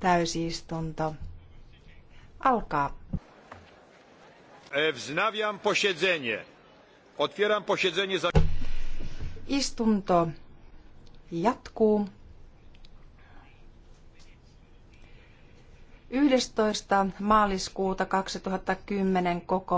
Täysistunto alkaa. Wznawiam posiedzenie. Otwieram posiedzenie. Za... Istunto jatkuu. 11. maaliskuuta 2010 koko